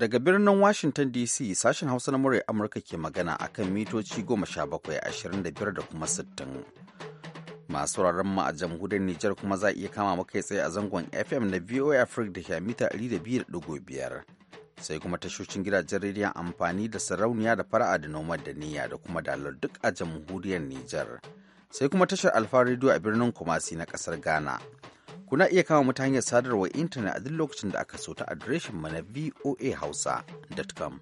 Daga birnin Washington DC sashen Hausa na murya Amurka ke magana a kan mitoci 17,25 da kuma 60. Masu wuraren mu a jamhuriyar Nijar kuma za a iya kama maka tsaye a zangon FM na VOA Africa da ke mita 200.5. Sai kuma tashocin gidajen rediyon amfani da sarauniya da fara'a da noma da niyya da kuma dalar duk a jamhuriyar Nijar. Sai kuma tashar Alfa Radio a birnin Kumasi na kasar Ghana. Kuna iya kama mu ta hanyar sadarwar intanet a duk lokacin da aka so ta adireshin mu na voahausa.com.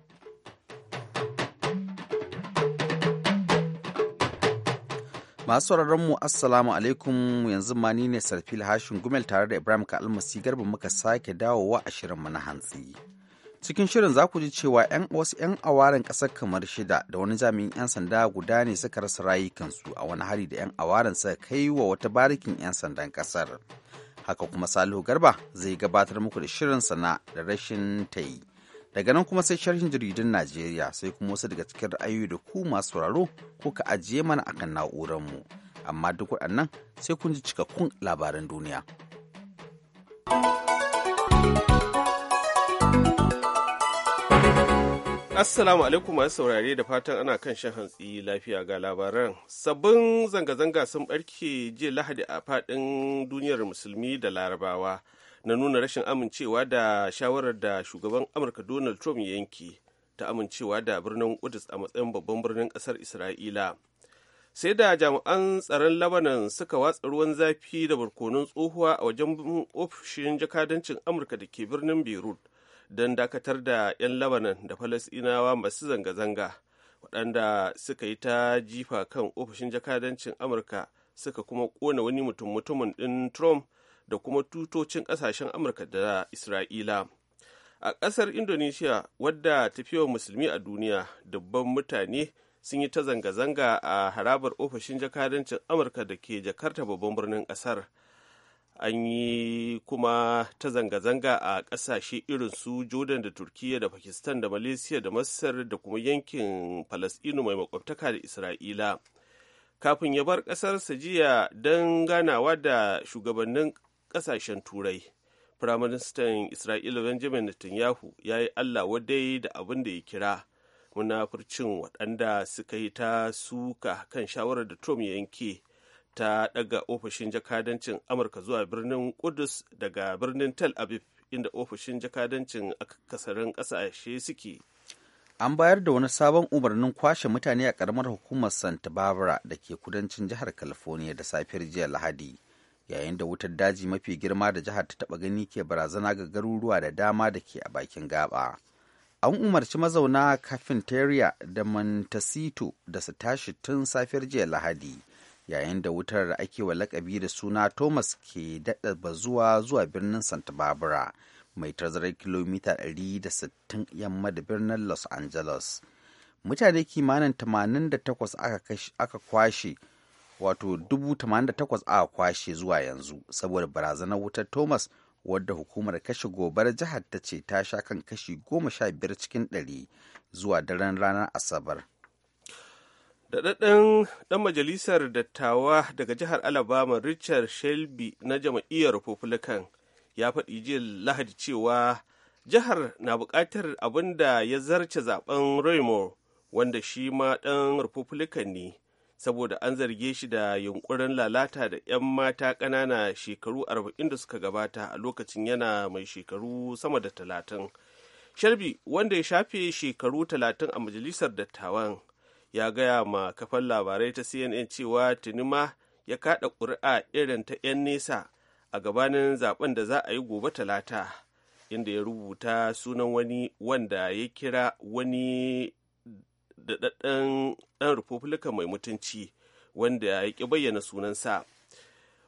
Masu mu Assalamu alaikum yanzu ma ni ne Sarfil Hashin Gumel tare da Ibrahim Kalmasi Garba muka sake dawowa a shirin mu na hantsi. Cikin shirin za ku ji cewa 'yan wasu 'yan awarin ƙasar kamar shida da wani jami'in 'yan sanda guda ne suka rasa rayukansu a wani hari da 'yan awarin suka kai wa wata barikin 'yan sandan ƙasar. haka kuma salihu garba zai gabatar muku da shirin sana da rashin ta yi daga nan kuma sai sharhin jaridun najeriya sai kuma wasu daga cikin ra'ayoyi da ku masu sauraro ko ka ajiye mana akan na'uranmu amma duk waɗannan sai kun ji cikakkun labaran duniya. Assalamu alaikum masu saurare da fatan ana kan shan hantsi lafiya ga labaran. Sabbin zanga-zanga sun barke jiya Lahadi a fadin duniyar musulmi da larabawa na nuna rashin amincewa da shawarar da shugaban Amurka Donald Trump yanki ta amincewa da birnin kudus a matsayin babban birnin kasar Isra'ila. Sai da jami'an tsaron Lebanon suka watsa ruwan zafi da barkonon tsohuwa a wajen ofishin jakadancin Amurka da ke birnin Beirut. don dakatar da 'yan labanan da falasinawa masu zanga-zanga waɗanda suka yi ta jifa kan ofishin jakadancin amurka suka kuma ƙona wani mutum mutumin ɗin trump da kuma tutocin ƙasashen amurka da isra'ila a ƙasar indonesia wadda tafiyar musulmi a duniya dubban mutane sun yi ta zanga-zanga a harabar ofishin jakadancin amurka da ke jakarta babban birnin ƙasar. an yi kuma ta zanga-zanga a ƙasashe irin su jordan da turkiya da pakistan da malaysia da masar da kuma yankin falasɗinu mai makwabtaka da isra'ila kafin ya bar ƙasarsa jiya don ganawa da shugabannin ƙasashen turai firaministan isra'ila benjamin netanyahu ya yi allah wadai da abin da ya kira munafurcin waɗanda suka yi ta suka kan shawarar da trump ya yanke ta daga ofishin jakadancin amurka zuwa birnin kudus daga birnin tel aviv inda ofishin jakadancin kasarin ƙasashe suke an bayar da wani sabon umarnin kwashe mutane a karamar hukumar santa barbara da ke kudancin jihar california da safiyar jiya lahadi yayin da wutar daji mafi girma da jihar ta taɓa gani ke barazana ga garuruwa da dama da ke a bakin gaba an umarci mazauna kafin da montecito da su tashi tun safiyar jiya lahadi yayin da wutar da ake wa lakabi da suna thomas ke daɗa bazuwa zuwa birnin santa barbara mai tazarar kilomita 160 yamma da birnin los angeles mutane kimanin 88 aka kwashe wato 88 aka kwashe zuwa yanzu saboda barazanar wutar thomas wadda hukumar kashe gobar jihar ta ce ta sha kan kashi 15 cikin 100 zuwa daren ranar asabar daɗaɗɗen ɗan majalisar dattawa daga jihar alabama richard shelby na jam'iyyar republican ya faɗi jiya lahadi cewa jihar na buƙatar abin da ya zarce zaɓen raymore wanda shi ma ɗan republican ne saboda an zarge shi da yunkurin lalata da 'yan mata ƙanana shekaru arba'in da suka gabata a lokacin yana mai shekaru sama da talatin shelby wanda ya shafe shekaru talatin a majalisar dattawan ya gaya ma kafan labarai ta cnn cewa tunima ya kaɗa ƙuri'a irin ta 'yan nesa a gabanin zaben da za a yi gobe talata inda ya rubuta sunan wani wanda ya kira wani daɗaɗɗen ɗan republican mai mutunci wanda ya ƙi bayyana sunansa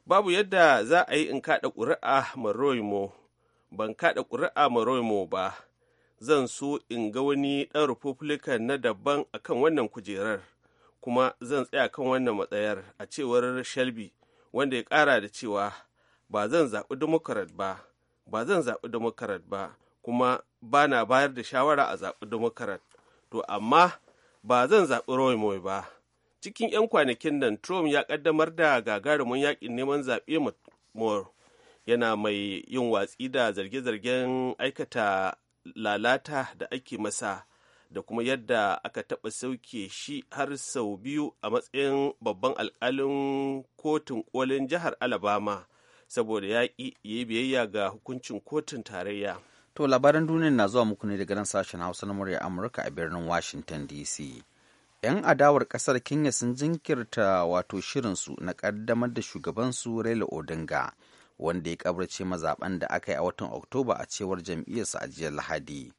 babu yadda za a yi in kaɗa ƙuri'a maroimo ban kaɗa ƙuri'a maroimo ba zan so in ga wani ɗan republican na daban a kan wannan kujerar kuma zan tsaya kan wannan matsayar a cewar shelby wanda ya ƙara da cewa ba zan zaɓi democrat ba ba zan zaɓi democrat ba kuma ba na bayar da shawara a zaɓi democrat to amma ba zan zaɓi roy ba cikin 'yan kwanakin nan trump ya ƙaddamar da gagarumin yaƙin neman zaɓe moore yana mai yin watsi da zarge-zargen aikata lalata da ake masa da kuma yadda aka taɓa sauke shi har sau biyu a matsayin babban alkalin kotun kolin jihar alabama saboda ya ƙi yi biyayya ga hukuncin kotun tarayya to labaran duniya na zuwa muku ne daga nan sashen hausa na murya amurka a birnin washington dc 'yan adawar kasar kenya sun jinkirta wato shirinsu na kaddamar da shugabansu raila odinga wanda ya kabrace mazaben da aka yi a watan oktoba a cewar jam'iyyarsa a jiya lahadi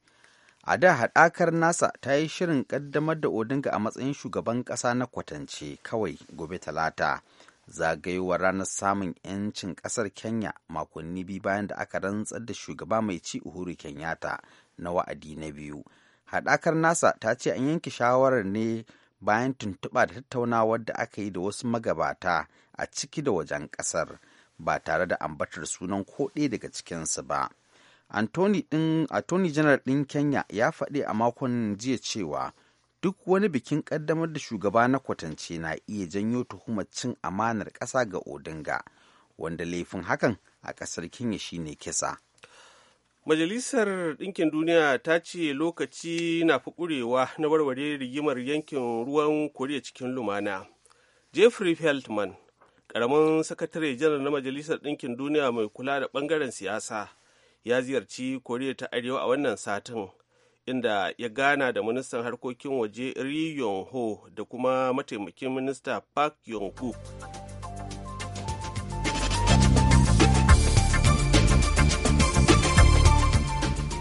a da haɗakar nasa ta yi shirin ƙaddamar da odinga a matsayin shugaban ƙasa na kwatance kawai gobe talata zagayowar ranar samun 'yancin ƙasar kenya makonni biyu bayan da aka rantsar da shugaba mai ci uhuru kenyata na wa'adi na biyu haɗakar nasa ta ce an yanke shawarar ne bayan tuntuɓa da tattaunawar da aka yi da wasu magabata a ciki da wajen ƙasar ba tare da ambatar sunan ko ɗaya daga cikinsu ba. Anthony din ɗin Kenya ya faɗi a makon jiya cewa duk wani bikin ƙaddamar da shugaba na kwatance na iya janyo tuhumar cin amanar ƙasa ga Odinga, wanda laifin hakan a ƙasar Kenya shine kisa. Majalisar Ɗinkin Duniya ta ce lokaci na fi ƙurewa na warware rigimar yankin ruwan Koriya cikin lumana. Jeffrey Feldman, karamin sakatare janar na majalisar ɗinkin duniya mai kula da ɓangaren siyasa ya ziyarci koriya ta arewa a wannan satin inda ya gana da ministan harkokin waje ri yong ho da kuma mataimakin minista park yong ku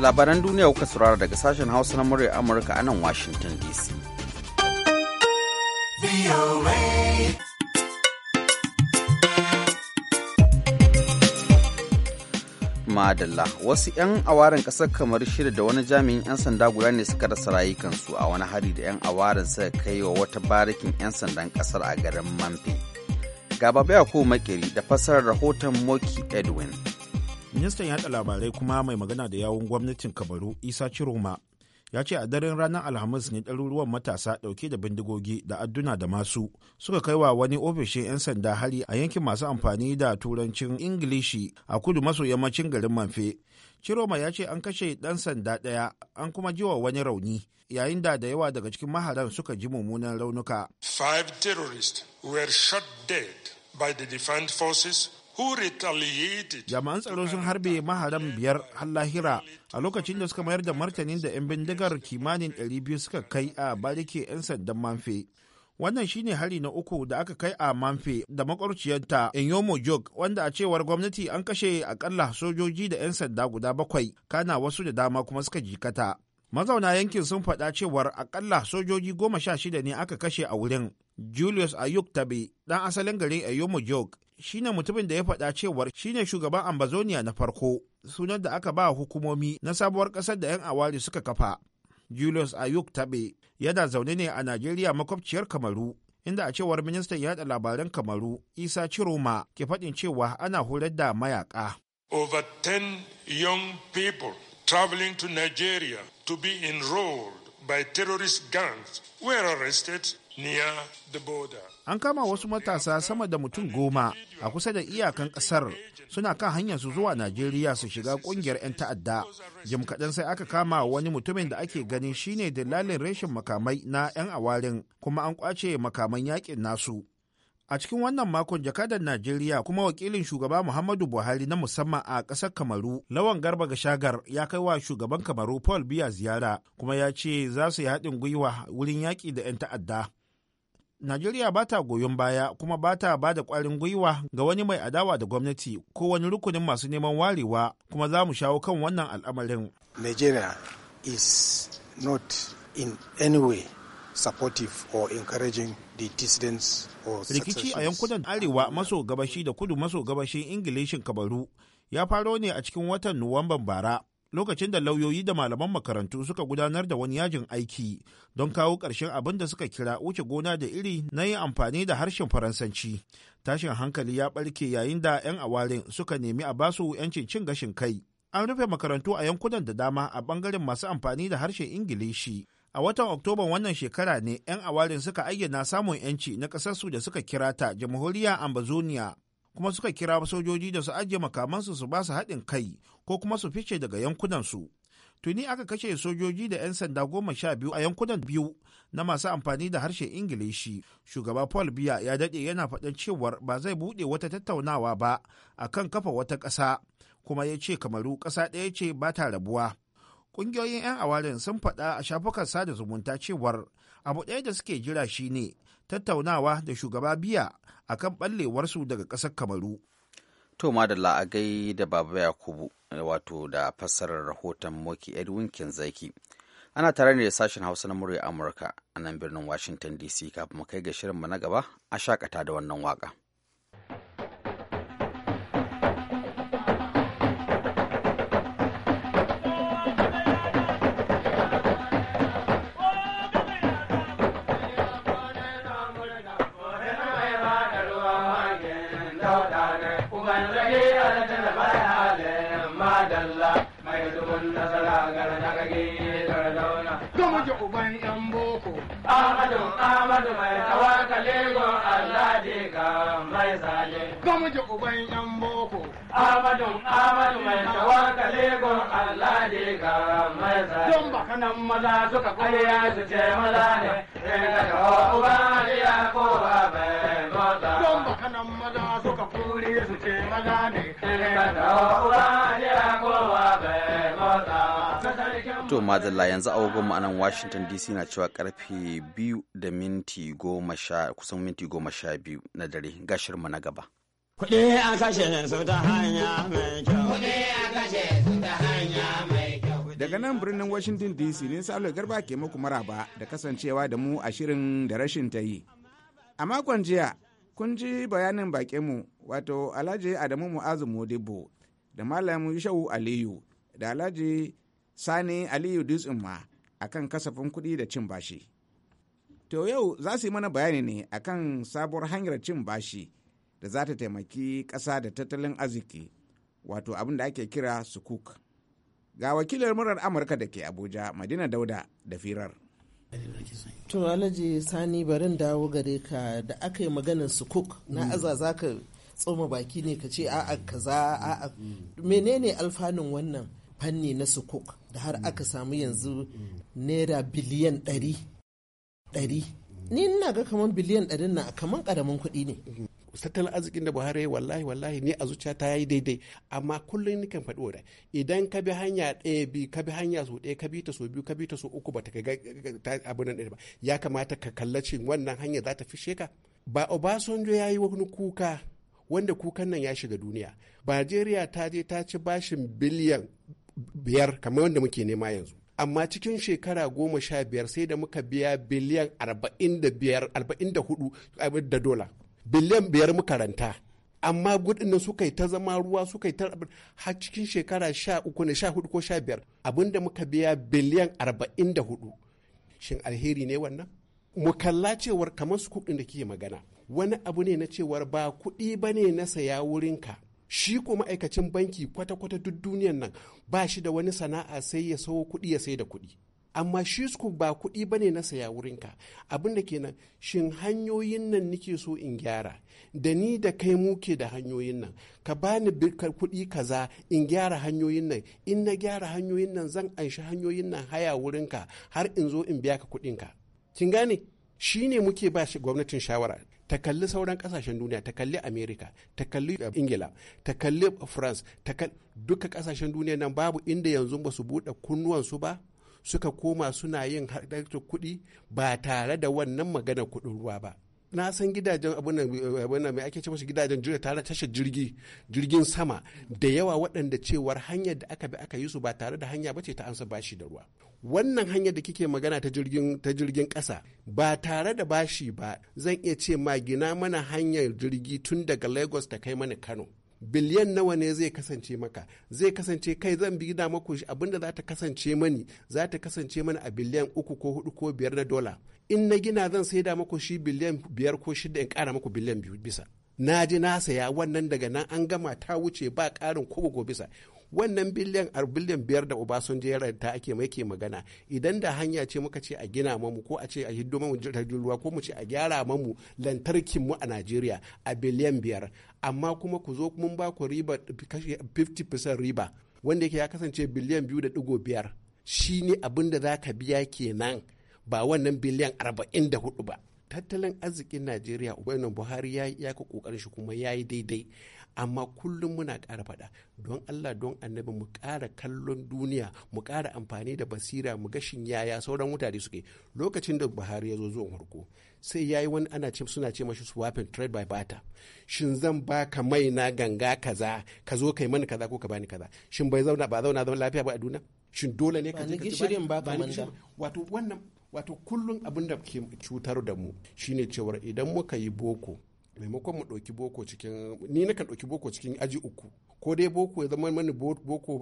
labaran duniya kuka saurara daga sashen hausa na murya amurka a nan washington dc madalla wasu 'yan awarin kasar kamar shida da wani jami'in 'yan sanda guda ne suka rasa rayukansu a wani hari da 'yan awarin suka kai wa wata barikin 'yan sandan kasar a garin manfi ga baba ko makeri da fassarar rahoton moki edwin ministan yaɗa labarai kuma mai magana da yawun gwamnatin kabaru isa chiroma ya ce a daren ranar alhamis ne ɗaruruwan matasa ɗauke da bindigogi da adduna da masu suka kai wa wani ofishin 'yan sanda hari a yankin masu amfani da turancin ingilishi a kudu maso yammacin garin manfe ciroma ya ce an kashe ɗan sanda ɗaya an kuma jiwa wani rauni yayin da da yawa daga cikin maharan suka ji mummunan raunuka five terrorists were shot dead by the defense forces Jami'an tsaro sun harbe maharan biyar har lahira a lokacin da suka mayar da martanin da 'yan bindigar kimanin 200 suka kai a barike 'yan sandan manfe. Wannan shine hari na uku da aka kai a manfe da makwarciyarta Inyomo Jog wanda a cewar gwamnati an kashe akalla sojoji da 'yan sanda guda bakwai kana wasu da dama kuma suka jikata. mazauna yankin sun faɗa cewar akalla sojoji goma sha shida ne aka kashe a wurin julius ayuk tabe ɗan asalin garin ayomo jog shine mutumin da ya faɗa cewar shine shugaban ambazonia na farko sunan da aka ba hukumomi na sabuwar ƙasar da 'yan awari suka kafa julius ayuk tabe yana zaune ne a najeriya makwabciyar kamaru inda a cewar ministan yada labaran kamaru isa ciroma ke faɗin cewa ana horar da mayaka over 10 young people traveling to nigeria to be enrolled by terrorist gangs were arrested An kama wasu matasa sama da mutum goma a kusa da iyakan ƙasar suna kan hanyar su zuwa Najeriya su shiga ƙungiyar 'yan ta'adda. Jim kaɗan sai aka kama wani mutumin da ake ganin shine lalin reshen makamai na 'yan awarin kuma an ƙwace makaman yaƙin nasu. A cikin wannan makon jakadar Najeriya kuma wakilin shugaba Muhammadu Buhari na musamman a ƙasar Kamaru, Lawan Garba ga shagar ya kai wa shugaban Kamaru Paul Biya ziyara kuma ya ce za su yi haɗin gwiwa wurin yaƙi da 'yan ta'adda. Najeriya ba ta goyon baya kuma ba ta ba da ƙwarin gwiwa ga wani mai adawa da gwamnati ko wani rukunin masu neman warewa kuma za mu shawo kan wannan al'amarin. Nigeria is not in any way supportive or encouraging the dissidents Rikici a yankunan arewa maso gabashi da kudu maso gabashin Ingilishin Kabaru ya faro ne a cikin watan Nuwamban bara lokacin da lauyoyi da malaman makarantu suka gudanar da wani yajin aiki don kawo ƙarshen abin da suka kira wuce gona da iri na yin amfani da harshen faransanci tashin hankali ya ɓarke yayin da 'yan awarin suka nemi a basu 'yancin cin gashin kai an rufe makarantu a yankunan da dama a ɓangaren masu amfani da harshen ingilishi a watan oktoban wannan shekara ne 'yan awarin suka ayyana samun 'yanci na ƙasarsu da suka kira ta jamhuriya ambazonia kuma suka kira sojoji da su ajiye makamansu su ba su haɗin kai ko kuma su fice daga yankunansu. Tuni aka kashe sojoji da 'yan sanda goma sha biyu a yankunan biyu na masu amfani da harshe Ingilishi. Shugaba Paul Biya ya daɗe yana faɗin cewar ba zai buɗe wata tattaunawa ba a kan kafa wata ƙasa, kuma ya ce kamaru ƙasa ɗaya ce ba ta rabuwa. Ƙungiyoyin 'yan awarin sun faɗa a shafukan sada zumunta cewar abu ɗaya da suke jira shine tattaunawa da shugaba biya a kan ɓallewarsu daga ƙasar kamaru to madalla a gai da baba yakubu wato da fassarar rahoton moki edwin kinzaki ana tare ne da sashen hausa na murya amurka a nan birnin washington dc kafin mu kai ga shirinmu na gaba a shakata da wannan waka gamuje uban yan boko amadun amadu mai tawarka legon allah ne ga mai zai don baka nan maza suka kwaya su ce maza ne rinka da uba ya ko ba mai mota don baka nan maza suka kuri su ce maza ne rinka da uba ya ko ba mai mota To madalla yanzu agogon mu nan Washington DC na cewa karfe biyu da minti goma sha kusan minti goma sha biyu na dare ga mu na gaba. Kuɗi a kashe su ta hanya mai kyau. Kuɗi a kashe su ta hanya mai kyau. Daga nan birnin Washington DC ne Salo Garba ke muku maraba da kasancewa da mu a shirin da rashin ta yi. A makon jiya kun ji bayanin bakinmu wato Alhaji Adamu Mu'azu Modibo da Malam Yushau Aliyu da Alhaji sani aliyu dutsen ma akan kasafin kuɗi da cin bashi to yau za su yi mana bayani ne akan sabuwar hanyar cin bashi da za ta taimaki ƙasa da tattalin arziki wato abin da ake kira sukuk ga wakilar murar amurka da ke abuja madina dauda da firar to alhaji sani barin dawo gare ka da aka yi maganin sukuk na mm. aza za ka tsoma baki ne ka ce a'a kaza a'a mm. menene alfanun wannan fanni na sukuk da har aka samu yanzu naira biliyan ɗari ɗari ni ina ga kamar biliyan ɗarin na kamar ƙaramin kuɗi ne tattalin arzikin da buhari wallahi wallahi ni a zuciya ta yi daidai amma kullum kan faɗi wadai idan ka bi hanya ɗaya bi ka bi hanya ɗaya ka bi ta su biyu ka bi ta su uku ba ta ga abin nan ɗaya ba ya kamata ka kallaci wannan hanya za ta fishe ka ba obasanjo ya yi wani kuka wanda kukan nan ya shiga duniya Najeriya ta je ta ci bashin biliyan biyar kamar wanda muke nema yanzu amma cikin shekara goma sha biyar sai da muka biya biliyan arba'in da biyar arba'in da hudu da dola biliyan biyar muka ranta amma gudun suka yi ta zama ruwa suka yi ta har cikin shekara sha uku ne sha hudu ko sha biyar abinda muka biya biliyan arba'in da hudu shin alheri ne wannan mu kalla cewar kamar su kuɗin da kike magana wani abu ne na cewar ba kuɗi ba ne na saya wurinka shi ko ma'aikacin banki kwata-kwata duk duniyan nan ba shi da wani sana'a sai ya sawo kuɗi ya sai da kuɗi amma shi ku ba kuɗi bane na saya wurinka abin da kenan shin hanyoyin nan nike so in gyara da ni da kai muke da hanyoyin nan ka bani kuɗi kaza in gyara hanyoyin nan in na gyara hanyoyin nan zan anshi hanyoyin nan haya wurinka har in zo in biya ka kuɗinka kin gane shi ne muke ba shi gwamnatin shawara ta kalli sauran kasashen duniya ta kalli america ta kalli ingila ta kalli france ta kalli duka kasashen duniya nan babu inda yanzu ba su buɗe kunnuwansu ba suka koma suna yin harkar kuɗi ba tare da wannan magana kuɗin ruwa ba na san gidajen abin mai ake ce masu gidajen jirgi tare tashar jirgi jirgin sama da yawa waɗanda cewar hanyar da aka bi aka yi su ba tare da hanya ba ce ta ansa bashi da ruwa wannan hanyar da kike magana ta jirgin ta jirgin ƙasa ba tare da bashi ba zan iya ce ma gina mana hanyar jirgi tun daga Lagos ta kai mana Kano biliyan nawa ne zai kasance maka zai kasance kai zan bi da maku abinda za ta kasance mani za ta kasance mana a biliyan uku ko hudu ko biyar na dola in na gina zan sai da maku shi biliyan biyar ko shida in kara maku biliyan biyu bisa na ji na saya wannan daga nan an gama ta wuce ba karin kobo bisa wannan biliyan a biliyan biyar da obasanjo ya ranta ake mai ke magana idan da hanya ce muka ce a gina mamu ko a ce a hiddo mamu jirgin ruwa ko mu ce a gyara mamu lantarkin mu a najeriya a biliyan biyar amma kuma ku zo mun ba ku riba 50% riba wanda yake ya kasance biliyan biyu da digo biyar shi ne abin da za ka biya kenan ba wannan biliyan arba'in da hudu ba tattalin arzikin najeriya wannan buhari ya yi iyaka kokarin shi kuma ya yi daidai amma kullum muna ƙara faɗa don Allah don annabi mu ƙara kallon duniya mu ƙara amfani da basira mu gashin yaya sauran mutane suke lokacin da Buhari ya zo zuwan harko sai yayi wani ana ce suna ce mashi swapping trade by barter shin zan baka mai na ganga kaza ka zo kai mani kaza ko ka bani kaza shin bai zauna ba zauna zaman lafiya ba a duniya shin dole ne ka je ka ba wato wannan wato kullum abin da ke cutar da mu shine cewar idan muka yi boko maimakon mu ɗauki boko cikin ni nakan ɗauki boko cikin aji uku ko dai boko ya zama mani boko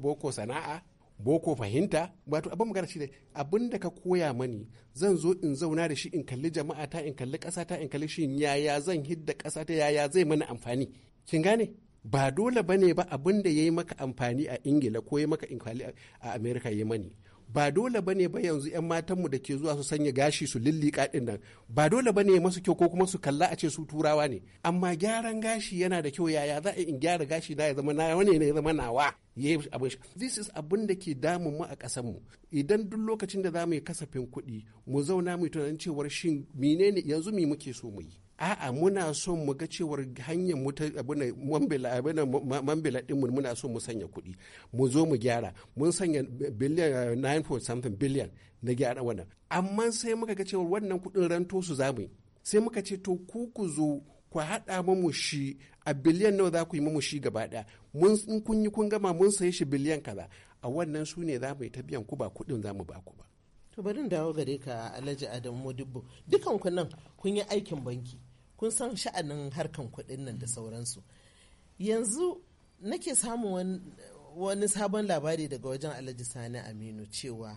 boko sana'a boko fahimta wato abin magana shi ne abin da ka koya mani zan zo in zauna da shi in kalli jama'a ta in kalli ƙasa ta in kalli shi yaya zan hidda ƙasa ta yaya zai mana amfani kin gane ba dole bane ba abin da ya yi maka amfani a ingila ko ya maka amfani a amerika ya mani ba dole ba ne ba yanzu 'yan matanmu da ke zuwa su sanya gashi su lillika ɗin nan ba dole ba ne masu kyau ko kuma su kalla a ce su turawa ne amma gyaran gashi yana da kyau yaya za a in gyara gashi na ya zama na wani ne ya zama nawa ya abin this is abin da ke damun mu a ƙasar mu idan duk lokacin da za mu yi kasafin kuɗi mu zauna mu tunanin cewar shin menene yanzu me muke so mu yi a'a muna son mu ga cewar hanyar mu ta abuna mambila mu muna son mu sanya kuɗi mu zo mu gyara mun sanya billion uh, nine point something billion na gyara wannan amma sai muka ga cewar wannan kuɗin ranto su zamu sai muka ce to ku ku zo ku haɗa mamu shi a biliyan nawa za ku yi mamu shi gaba ɗaya mun in kun yi kun gama mun saye shi biliyan kaza a wannan su ne za mu yi ta biyan ku ba kuɗin za mu ba ku ba. to bari dawo gare ka alhaji adamu dubbo dukan nan kun yi aikin banki kun san sha'anin harkan kuɗin nan da sauransu yanzu nake samun wani sabon labari daga wajen alhaji sani aminu cewa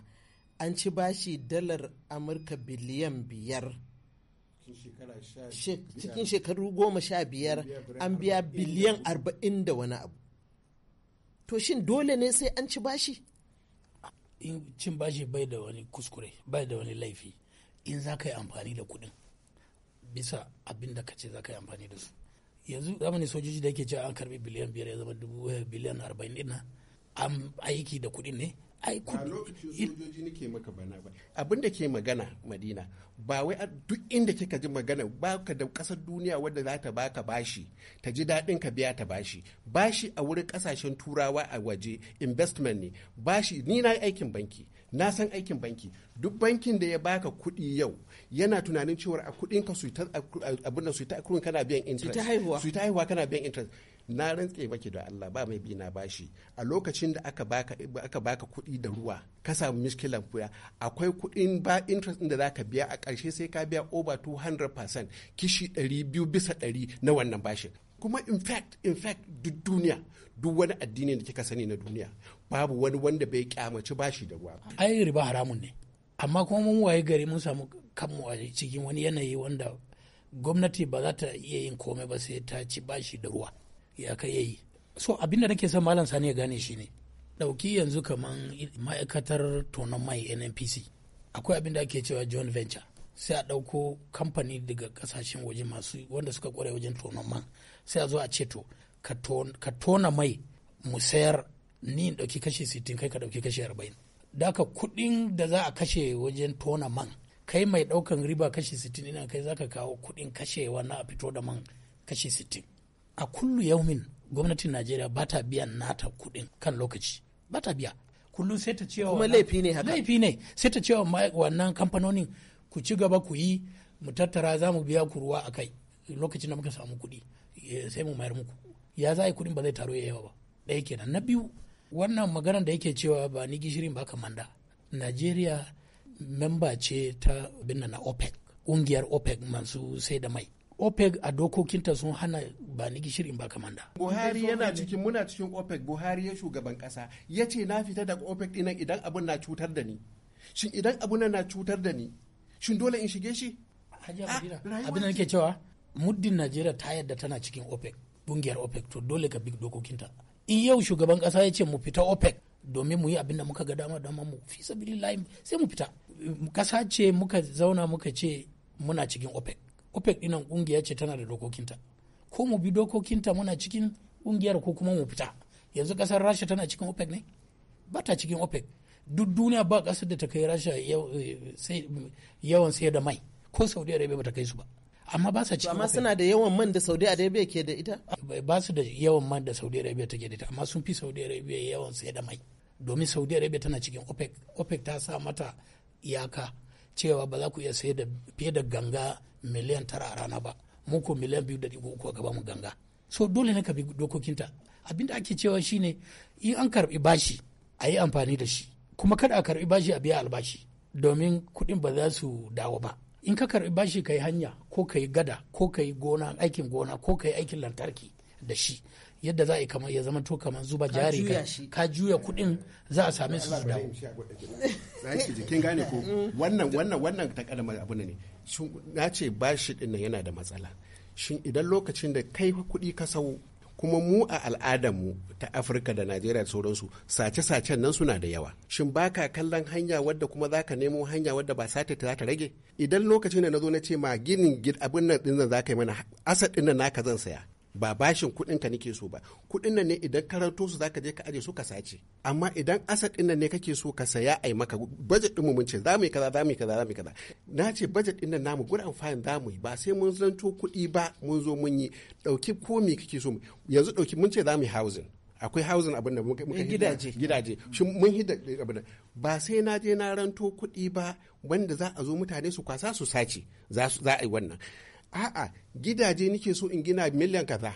an ci bashi dalar amurka biliyan biyar cikin shekaru goma sha biyar an biya biliyan arba'in da wani abu to shin dole ne sai an ci bashi in cin bashi bai da wani kuskure bai da wani laifi in za ka yi amfani da kuɗin bisa abin da kace za ka yi amfani da su yanzu zamanin sojoji da ke cewa an karbi biliyan biyar ya zama dubu eh, biliyan arba'in ina an aiki da kuɗi ne ai kuɗi sojoji nake maka bana ba abin da ke magana madina ba wai duk inda kika ji magana ba ka da ƙasar duniya wadda za ta baka bashi ta ji daɗin ka biya ta bashi bashi a wurin ƙasashen turawa a waje investment ne bashi ni na aikin banki na san aikin banki duk bankin da ya baka kuɗi yau yana tunanin cewa a kuɗin ka su ta abin su ta akurin kana biyan interest su ta haihuwa kana biyan interest na rantse baki da Allah ba mai bi na bashi a lokacin da aka baka aka baka kuɗi da ruwa ka samu miskilan fuya akwai kuɗin ba interest din da zaka biya a ƙarshe sai ka biya over 200% kishi 200 bisa 100 na wannan bashin kuma in fact in fact duk duniya duk wani addini da kika sani na duniya babu wani wanda bai kyamaci bashi da ruwa ai riba haramun ne amma kuma mun waye gari mun samu kanmu a cikin wani yanayi wanda gwamnati ba za ta iya yin komai ba sai ta ci bashi da ruwa ya ka yayi so abin da nake son malam sani ya gane shi ne dauki yanzu kaman ma'aikatar tonon mai nnpc akwai abin da ake cewa joint venture sai a ɗauko kamfani daga kasashen waje masu wanda suka kware wajen tonon man sai a zo a ce to ka tona mai mu sayar ni in ɗauki kashi sittin kai ka ɗauki kashi arba'in ka kuɗin da za a kashe wajen tona man kai mai ɗaukan riba kashi sittin ina kai zaka kawo kuɗin kashewa na a fito da man kashi sittin a kullu yaumin gwamnatin najeriya ba ta biyan nata kuɗin kan lokaci ba ta biya kullum sai ta cewa kuma laifi ne haka laifi ne sai ta cewa wannan kamfanonin ku ci gaba ku yi mu tattara za mu biya ku ruwa a kai lokacin da muka samu kuɗi eh, sai mu mayar muku ya za a yi kuɗin ba zai taro yawa ba ɗaya kenan na biyu wannan maganar da yake cewa ba ni gishirin ba ka manda najeriya memba ce ta binna na opec ƙungiyar opec masu sai da mai opec a dokokinta sun hana ba ni gishirin ba da buhari yana cikin muna cikin opec buhari ya shugaban kasa ya ce na fita daga opec dinan idan abun na cutar da ni shin idan abun na cutar da ni shin dole in shige shi ah, abin da nake cewa muddin najeriya ta yadda tana cikin opec kungiyar opec to dole ka bi dokokinta in yau shugaban kasa ya ce mu fita opec domin mu yi abin da muka ga dama dama mu fi sabilillahi sai mu fita kasa ce muka zauna muka ce muna cikin opec opec dinan kungiya ce tana da dokokinta ko mu bi dokokinta muna cikin kungiyar ko kuma mu fita yanzu kasar rasha tana cikin opec ne ba ta cikin opec duk duniya ba kasar da ta kai rasha eh, yawan sayar da mai ko saudi arabia ba ta kai su ba amma ba sa cikin amma suna da yawan man da saudi arabia ke da ita ba su da yawan man da saudi arabia take da ita amma sun fi saudi arabia yawan sai da mai domin saudi arabia tana cikin opec opec ta sa mata iyaka cewa ba za ku iya sai da fiye da ganga miliyan tara a rana ba mu ko miliyan biyu da ɗigo uku a gaba mu ganga so dole ne ka bi dokokinta abinda ake cewa shine in an karbi bashi a yi amfani da shi kuma kada a karbi bashi a biya albashi domin kuɗin ba za su dawo ba in ka karbi bashi ka yi hanya ko ka yi gada ko ka yi gona aikin gona ko ka yi aikin lantarki da shi yadda za a kamar ya zama to kamar zuba jari ka ka juya kudin za a same su su dawo na ce bashi din yana da matsala shin idan lokacin da kai kuɗi ka sau kuma mu a al'adarmu ta afirka da najeriya da sauransu sace-sacen nan suna da yawa shin baka kallon hanya wadda kuma zaka nemo hanya wadda ba sata ta ta rage idan lokacin da na zo na ce ma ginin abin nan din zan ka yi mana asad ɗin nan naka zan saya ba bashin kuɗin ka nake so ba kuɗin nan ne idan karanto su zaka je ka aje su ka sace amma idan asa ɗin nan ne kake so ka saya ai maka budget ɗin mu mun ce zamu yi kaza zamu yi kaza zamu yi kaza na ce budget ɗin nan namu good and fine zamu yi ba sai mun zanto kuɗi ba mun zo mun yi ɗauki ko me kake so yanzu ɗauki mun ce zamu yi housing akwai housing abin da muka eh, gidaje gidaje shi mun hida abin ba sai na je na ranto kuɗi ba wanda za a zo mutane su kwasa su sace za a yi wannan a'a gidaje nake so in gina miliyan kaza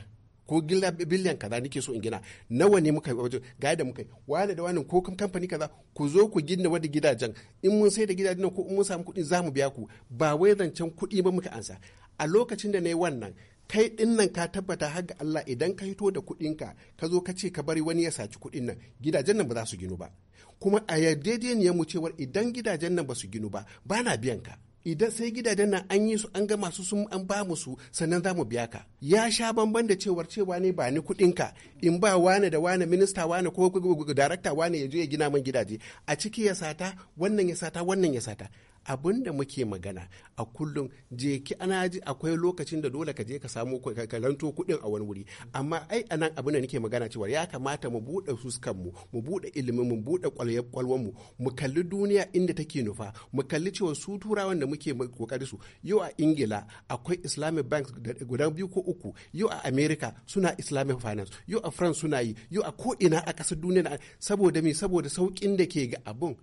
ko biliyan kaza nake so in gina nawa ne muka waje ga da muka wani da wani ko kamfani kaza ku zo ku gina wani gidajen in mun sai da gidajen ko in mun samu kuɗi za mu biya ku ba wai zancen kuɗi ba muka ansa a lokacin da na yi wannan kai din nan ka tabbata har ga Allah idan ka hito da kuɗinka ka zo ka ce ka bari wani ya saci kuɗin nan gidajen nan ba za su ginu ba kuma a ne mu cewar idan gidajen nan ba su ginu ba ba na biyan ka idan sai gidajen nan an yi su an gama su sun an ba mu su sannan za mu biya ka ya sha bamban da cewar cewa ne ba ni kuɗin ka in ba wane da wane minista wane ko director wane ya je ya gina min gidaje a ciki ya sata wannan ya sata wannan ya sata abin da muke magana a kullum je ki ana ji akwai lokacin da dole ka je ka samu kalanto kuɗin a wani wuri amma ai anan abin da nake magana cewa ya kamata mu buɗe fuskan mu mu buɗe ilimin mu buɗe kwalwan mu mu kalli duniya inda take nufa mu kalli cewa su turawan da muke kokari su yau a Ingila akwai Islamic banks guda biyu ko uku yau a America suna Islamic finance yau a France suna yi yau a ko ina a ƙasar duniya saboda me saboda saukin da ke ga abun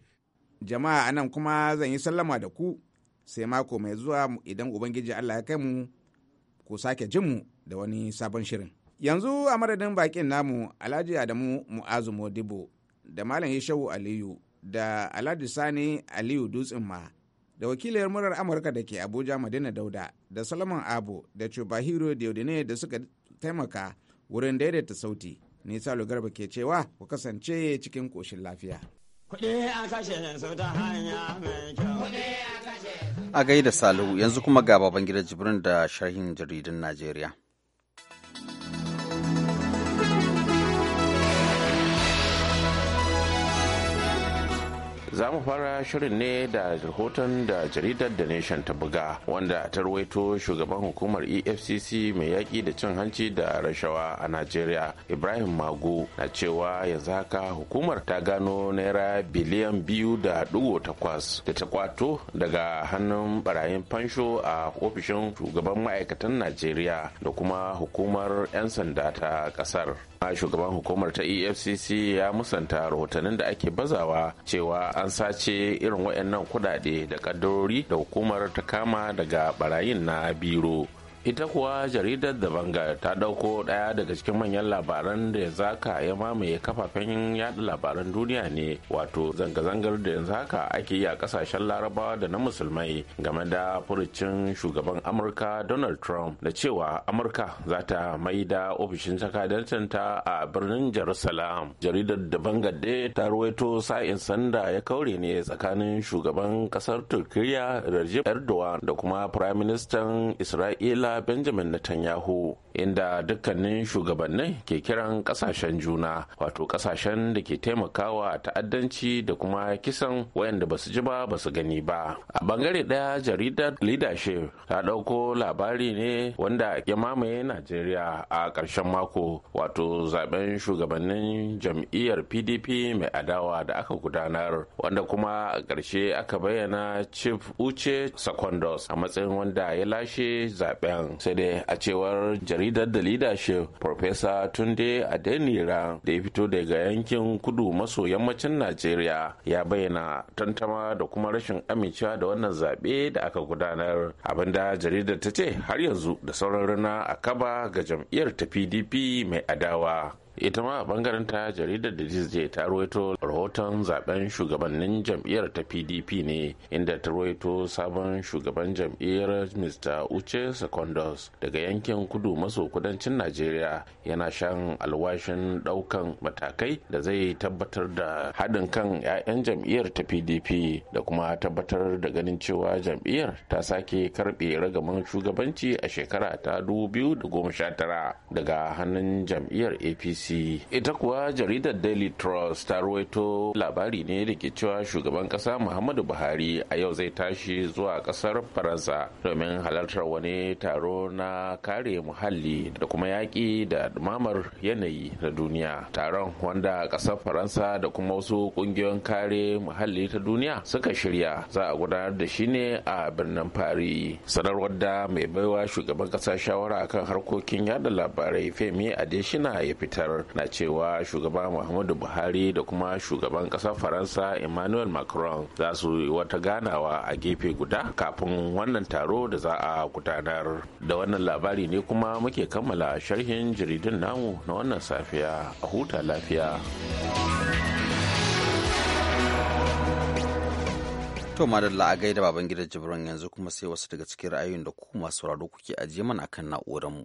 jama'a anan kuma zan yi sallama da ku sai mako mai zuwa idan ubangiji allah ya kai mu ku sake jinmu da wani sabon shirin yanzu a madadin bakin namu alhaji adamu mu'azu modibo da malam yashau aliyu da alhaji sani aliyu dutsen ma da wakiliyar murar amurka da ke abuja madina dauda da salman abu da chubahiro diodine da suka taimaka wurin daidaita sauti nisa lugarba ke cewa ku kasance cikin koshin lafiya Kuɗi a kashe su ta hanya mai kyau. A gaida Salihu yanzu kuma ga baban gida Jibrin da shahin jaridun Najeriya. za mu fara shirin ne da rahoton da jaridar da nation ta buga wanda ta rwaito shugaban hukumar efcc mai yaƙi da cin hanci da rashawa a najeriya ibrahim Magu na cewa yanzu haka hukumar ta gano naira biliyan biyu da dugo takwas da ta kwato daga hannun barayin fansho a ofishin shugaban ma'aikatan najeriya da kuma hukumar 'yan sanda ta ƙasar a shugaban hukumar ta efcc ya musanta rahotannin da ake bazawa cewa an sace irin waɗannan kudade da ƙaddarori da hukumar ta kama daga barayin na biro ita kuwa jaridar da banga ta ɗauko ɗaya daga cikin manyan labaran da ya zaka ya mamaye kafafen yada labaran duniya ne wato zanga-zangar da yanzu haka ake yi a ƙasashen larabawa da na musulmai game da furucin shugaban amurka donald trump da cewa amurka za ta mai da ofishin ta a birnin jerusalem jaridar da banga ta ruwaito sa'in sanda ya kaure ne tsakanin shugaban ƙasar turkiyya erdogan da kuma firaministan isra'ila na benjamin netanyahu inda dukkanin shugabannin ke kiran kasashen juna wato kasashen da ke taimakawa ta'addanci da kuma kisan wayanda basu ji ba basu gani ba a bangare daya jaridar leadership ta dauko labari ne wanda ya mamaye najeriya a ƙarshen mako wato zaben shugabannin jam'iyyar pdp mai adawa da aka gudanar wanda kuma a ƙarshe aka bayyana chief uche secondos a matsayin wanda ya lashe zaben kan sai dai a cewar jaridar da leadership professor tunde adenira da ya fito daga yankin kudu maso yammacin najeriya ya bayyana tantama da kuma rashin amincewa da wannan zaɓe da aka gudanar abinda jaridar ta ce har yanzu da sauran rana a kaba ga jam'iyyar ta pdp mai adawa ita ma a bangaren ta jaridar da ta ta ruwaito rahoton zaben shugabannin jam'iyyar ta pdp ne inda ta ruwaito sabon shugaban jam'iyyar mr uche secondos daga yankin kudu maso kudancin najeriya yana shan alwashin daukan matakai da zai tabbatar da haɗin kan 'ya'yan jam'iyyar ta pdp da kuma tabbatar da ganin cewa jam'iyyar ta sake karɓe ragaman shugabanci a shekara ta 2019 daga hannun jam'iyyar apc Ita kuwa jaridar Daily Trust ta ruwaito labari ne da ke cewa shugaban ƙasa Muhammadu Buhari a yau zai tashi zuwa ƙasar Faransa domin halartar wani taro na kare muhalli da kuma yaƙi da dumamar yanayi na duniya. Taron wanda ƙasar Faransa da kuma wasu ƙungiyoyin kare muhalli ta duniya suka shirya za a gudanar da shi ne a birnin fari. Sanarwar da mai baiwa shugaban kasa shawara kan harkokin yada labarai Femi Adeshina ya fitar na cewa shugaba muhammadu buhari da kuma shugaban kasar faransa emmanuel macron za su yi wata ganawa a gefe guda kafin wannan taro da za a gudanar da wannan labari ne kuma muke kammala sharhin jaridun namu na wannan safiya a huta lafiya To madalla a gaida baban gidan jibran yanzu kuma sai wasu daga cikin ra'ayoyin da ku masu sauraro kuke ajiye mana akan na'urar mu.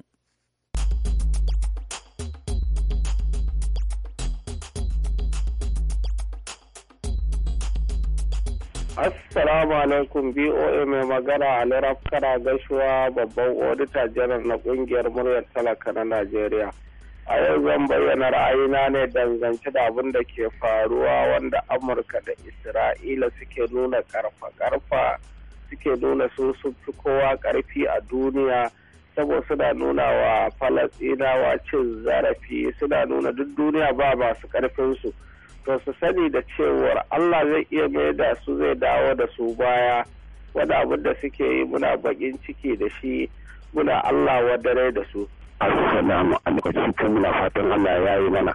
Assalamu alaikum BOA mai magana Ali Rafkara Gashuwa babban odita janar na kungiyar muryar talaka na Najeriya. A yau zan bayyana ra'ayina ne dangance da abin da ke faruwa wanda Amurka da Isra'ila suke nuna karfa-karfa suke nuna su sufi kowa karfi a duniya saboda suna nuna wa Falasɗinawa cin zarafi suna nuna duk duniya ba masu karfinsu. su. to su sani da cewar Allah zai iya mai da su zai dawo da su baya wani abin da suke yi muna bakin ciki da shi muna Allah wadare da su. Assalamu alaikum muna fatan Allah ya yi mana.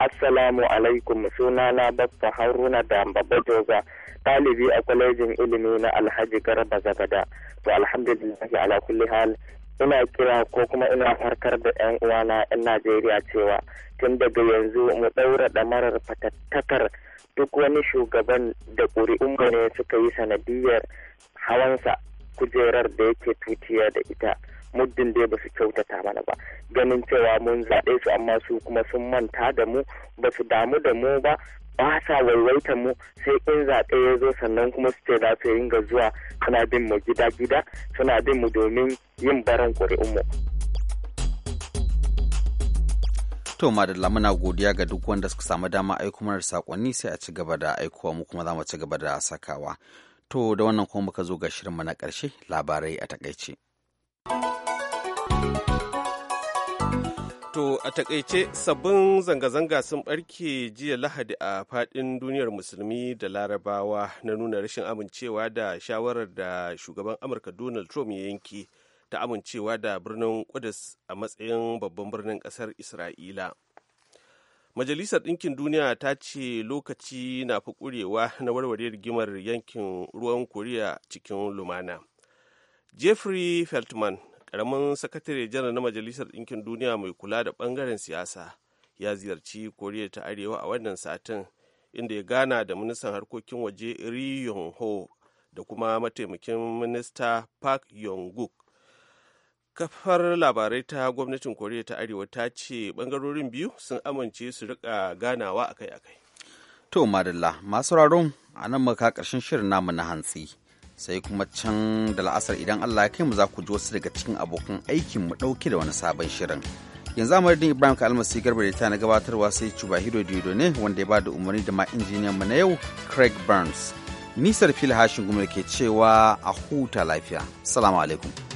Assalamu alaikum Suna na Dr. Haruna da Babajoga ɗalibi a kwalejin ilimi na Alhaji Garba Zagada. To alhamdulillah ala kulli hal ina kira ko kuma ina farkar da 'yan uwana 'yan Najeriya cewa tun daga yanzu mu ɗaura ɗamarar fatattakar duk wani shugaban da ƙuri'un ne suka yi sanadiyar hawansa kujerar da yake tutiya da ita muddin dai ba su kyautata mana ba ganin cewa mun zaɓe su amma su kuma sun manta da mu ba su damu da mu ba ba sa waiwaitan mu sai in zaɓe ya zo sannan kuma su ce za su ringa zuwa suna bin mu gida-gida suna bin mu domin yin baran ƙuri'un mu. To madalla muna godiya ga duk wanda suka samu dama aiko mana sakonni sai a ci gaba da aikowa mu kuma za mu ci gaba da sakawa. To da wannan kuma muka zo ga shirinmu na ƙarshe labarai a takaice. To a takaice sabbin zanga-zanga sun ɓarke jiya lahadi a faɗin duniyar musulmi da larabawa na nuna rashin amincewa da shawarar da shugaban amurka donald trump ya yanke ta amincewa da birnin Kudus a matsayin babban birnin ƙasar Isra'ila. Majalisar Ɗinkin Duniya ta ce lokaci na fi ƙurewa na warware rigimar yankin ruwan Koriya cikin lumana. Jeffrey Feltman, ƙaramin sakatare janar na Majalisar Ɗinkin Duniya mai kula da ɓangaren siyasa, ya ziyarci Koriya ta Arewa a wannan satin, inda ya gana da ministan harkokin waje Ri Yong Ho da kuma mataimakin minista Park Yong-guk kafar labarai ta gwamnatin koriya ta arewa ta ce bangarorin biyu sun amince su rika ganawa akai-akai to madalla masu raron a nan maka karshen shirin namu na hantsi sai kuma can da la'asar idan allah ya kai mu za ku ji wasu daga cikin abokan aikin mu ɗauke da wani sabon shirin yanzu amadadin ibrahim kalmasi garba da ta na gabatarwa sai cuba hido dido ne wanda ya bada umarni da ma injiniyan mu na yau craig burns nisar fil hashin gumar ke cewa a huta lafiya salamu alaikum